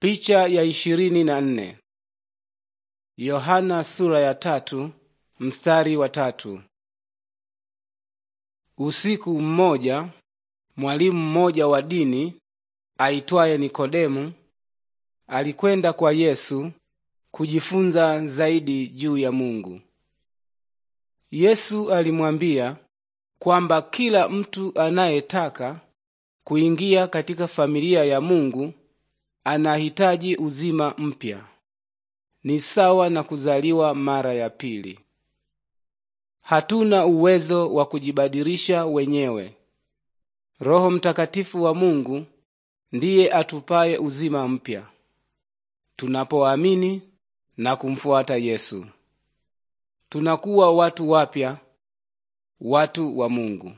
Picha ya ishirini na nne. Yohana sura ya tatu mstari wa tatu. Usiku mmoja mwalimu mmoja wa dini aitwaye Nikodemu alikwenda kwa Yesu kujifunza zaidi juu ya Mungu. Yesu alimwambia kwamba kila mtu anayetaka kuingia katika familia ya Mungu anahitaji uzima mpya, ni sawa na kuzaliwa mara ya pili. Hatuna uwezo wa kujibadilisha wenyewe. Roho Mtakatifu wa Mungu ndiye atupaye uzima mpya tunapoamini na kumfuata Yesu. Tunakuwa watu wapya, watu wa Mungu.